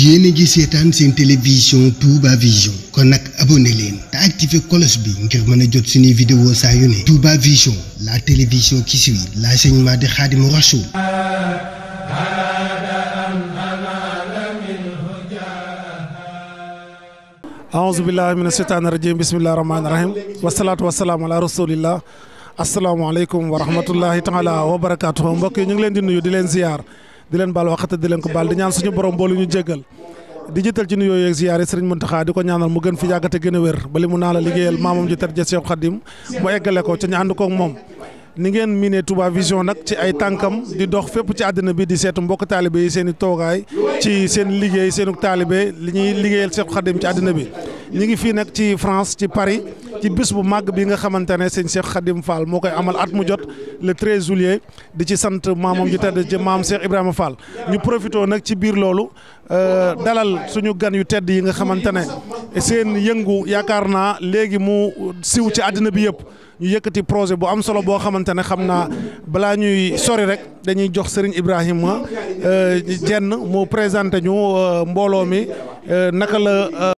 yéen a ngi seetaan seen télévision Touba Vision kon nag abonné leen te activé cloche bi ngir mën jot suñuy vidéo saa yu ne Touba Vision la télévision qui suit l'enseignement de Khadimou Rassoul aouzu billahi mina sheytaani rajim bismillahi rahmaani rahim wasalaatu wasalaamu ala rasulillah asalaamaaleykum wa rahmatullahi taala wa barakaatu mbokk yi ñu ngi leen di nuyu di leen ziyaar di leen baal waxate di leen ko baal di ñaan suñu borom boolu ñu jéggal di jiital ci nuyoo yeeg ziyaare sëriñ Muntaxa di ko ñaanal mu gën fi yàgg gën a wér bali mu naa la liggéeyal maamam ji ja Seex Xadim mu eggale ko ca ñu ànd koog moom ni ngeen miinee Touba Vision nag ci ay tànkam di dox fépp ci àddina bi di seetu mbokk taalibe yi seen i toogaay ci seen liggéey seenu taalibe li ñuy liggéeyal Seex Xadim ci àddina bi ñi ngi fii nag ci France ci Paris ci bis bu màgg bi nga xamante ne sëñ Cheikh Khadim moo koy amal at mu jot le 13 juillet di ci sant maamam ju tedd ci maam Cheikh Ibrahima ñu profité nag ci biir loolu euh, dalal suñu gan yu tedd yi nga xamante ne seen yëngu yaakaar naa léegi mu siw ci àddina bi yëpp ñu yëkkati projet bu am solo boo xamante ne xam naa balaa ñuy sori rek dañuy jox Serigne Ibrahima jenn euh, mu présenté ñu euh, mbooloo mi naka la.